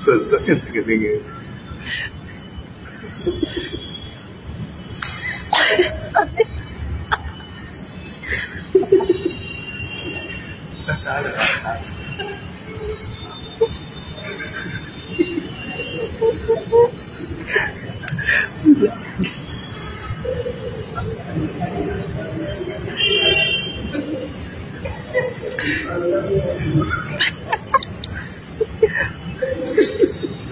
so it's not getting it. Thank you.